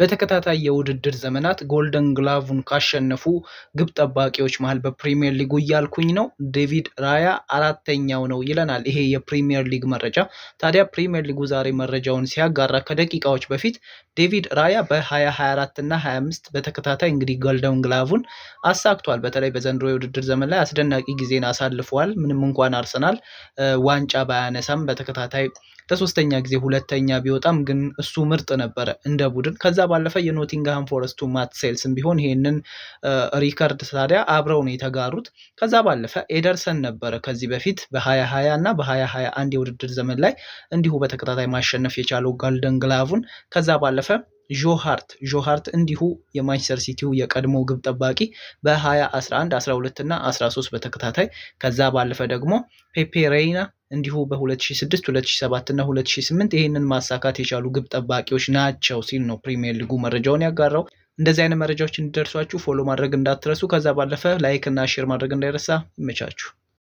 በተከታታይ የውድድር ዘመናት ጎልደን ግላቭን ካሸነፉ ግብ ጠባቂዎች መሃል በፕሪሚየር ሊጉ እያልኩኝ ነው። ዴቪድ ራያ አራተኛው ነው ይለናል ይሄ የፕሪሚየር ሊግ መረጃ። ታዲያ ፕሪሚየር ሊጉ ዛሬ መረጃውን ሲያጋራ ከደቂቃዎች በፊት ዴቪድ ራያ በ2024 እና 25 በተከታታይ እንግዲህ ጎልደን ግላቭን አሳክቷል። በተለይ በዘንድሮ የውድድር ዘመን ላይ አስደናቂ ጊዜን አሳልፏል። ምንም እንኳን አርሰናል ዋንጫ ባያነሳም በተከታታይ ለሶስተኛ ጊዜ ሁለተኛ ቢወጣም ግን እሱ ምርጥ ነበረ እንደ ቡድን ከዛ ባለፈ የኖቲንግሃም ፎረስቱ ማት ሴልስም ቢሆን ይሄንን ሪከርድ ታዲያ አብረው ነው የተጋሩት። ከዛ ባለፈ ኤደርሰን ነበረ ከዚህ በፊት በ2020 እና በ2021 የውድድር ዘመን ላይ እንዲሁ በተከታታይ ማሸነፍ የቻለው ጋልደን ግላቭን። ከዛ ባለፈ ጆሃርት ጆሃርት እንዲሁ የማንቸስተር ሲቲው የቀድሞ ግብ ጠባቂ በ2011፣ 12 እና 13 በተከታታይ ከዛ ባለፈ ደግሞ ፔፔ ሬይና እንዲሁ በ2006 2007 እና 2008 ይህንን ማሳካት የቻሉ ግብ ጠባቂዎች ናቸው ሲል ነው ፕሪሚየር ሊጉ መረጃውን ያጋራው። እንደዚህ አይነት መረጃዎች እንዲደርሷችሁ ፎሎ ማድረግ እንዳትረሱ። ከዛ ባለፈ ላይክ እና ሼር ማድረግ እንዳይረሳ። ይመቻችሁ።